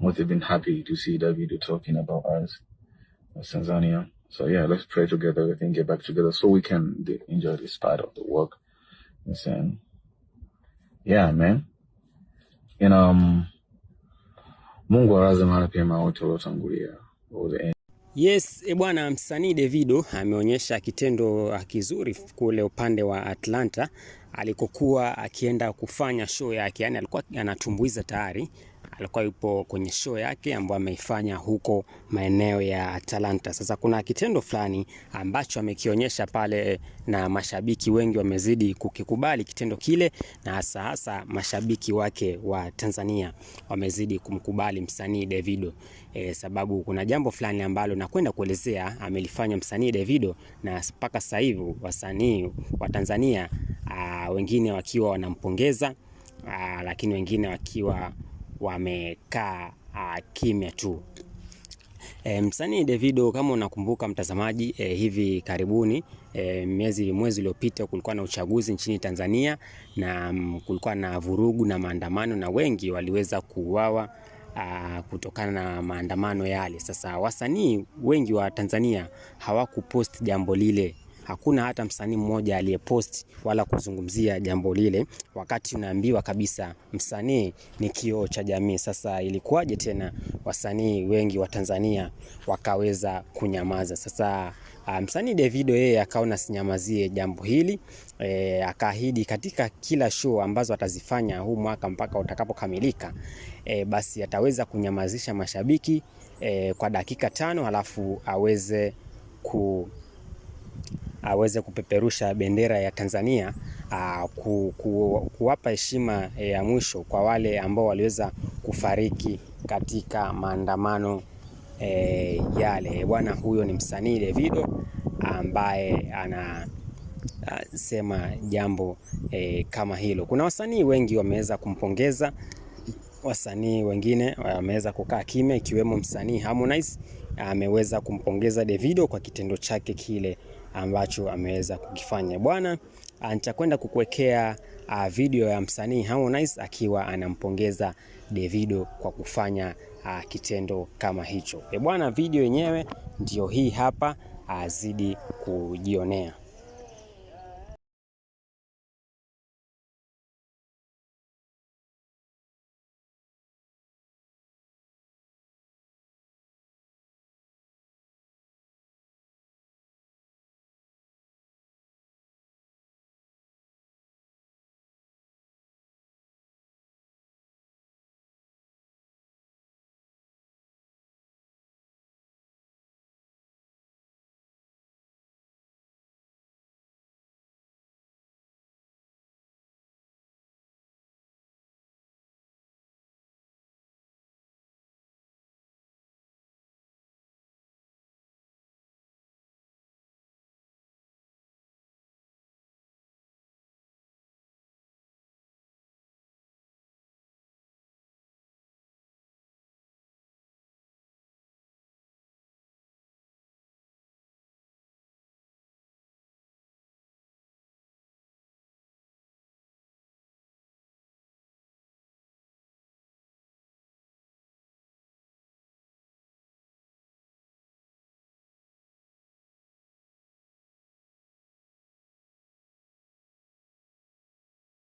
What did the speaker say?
must have been happy to see Davido talking about us uh, Tanzania. So yeah, let's pray together. We can get back together so we can enjoy this part of the work. saying, yeah, man. And um, Mungu araze mahali pema wote waliotangulia. Yes, ebwana, eh, msanii Davido ameonyesha kitendo ah, kizuri kule upande wa Atlanta alikokuwa akienda kufanya show yake, yani alikuwa anatumbuiza tayari alikuwa yupo kwenye show yake ambayo ameifanya huko maeneo ya Atlanta. Sasa kuna kitendo fulani ambacho amekionyesha pale na mashabiki wengi wamezidi kukikubali kitendo kile, na hasa hasa mashabiki wake wa Tanzania wamezidi kumkubali msanii Davido e, sababu kuna jambo fulani ambalo nakwenda kuelezea amelifanya msanii Davido, na mpaka sasa hivi wasanii wa Tanzania a, wengine wakiwa wanampongeza a, lakini wengine wakiwa wamekaa ah, kimya tu. E, msanii Davido kama unakumbuka mtazamaji, e, hivi karibuni e, miezi mwezi uliopita kulikuwa na uchaguzi nchini Tanzania na m, mm, kulikuwa na vurugu na maandamano na wengi waliweza kuuawa ah, kutokana na maandamano yale. Sasa wasanii wengi wa Tanzania hawakupost jambo lile hakuna hata msanii mmoja aliyepost wala kuzungumzia jambo lile, wakati unaambiwa kabisa msanii ni kioo cha jamii. Sasa ilikuwaje tena wasanii wengi wa Tanzania wakaweza kunyamaza? Sasa ah, msanii Davido yeye akaona sinyamazie jambo hili e, akaahidi katika kila show ambazo atazifanya huu mwaka mpaka utakapokamilika, e, basi ataweza kunyamazisha mashabiki e, kwa dakika tano halafu aweze ku aweze kupeperusha bendera ya Tanzania aa, ah, ku, ku, kuwapa heshima eh, ya mwisho kwa wale ambao waliweza kufariki katika maandamano e, yale. Bwana huyo ni msanii Davido ambaye ana ah, sema jambo e, kama hilo. Kuna wasanii wengi wameweza kumpongeza, wasanii wengine wameweza kukaa kimya, ikiwemo msanii Harmonize ameweza kumpongeza Davido kwa kitendo chake kile ambacho ameweza kukifanya bwana. Ah, nitakwenda kukuwekea uh, video ya msanii Harmonize akiwa anampongeza Davido kwa kufanya uh, kitendo kama hicho. E bwana, video yenyewe ndiyo hii hapa, azidi uh, kujionea.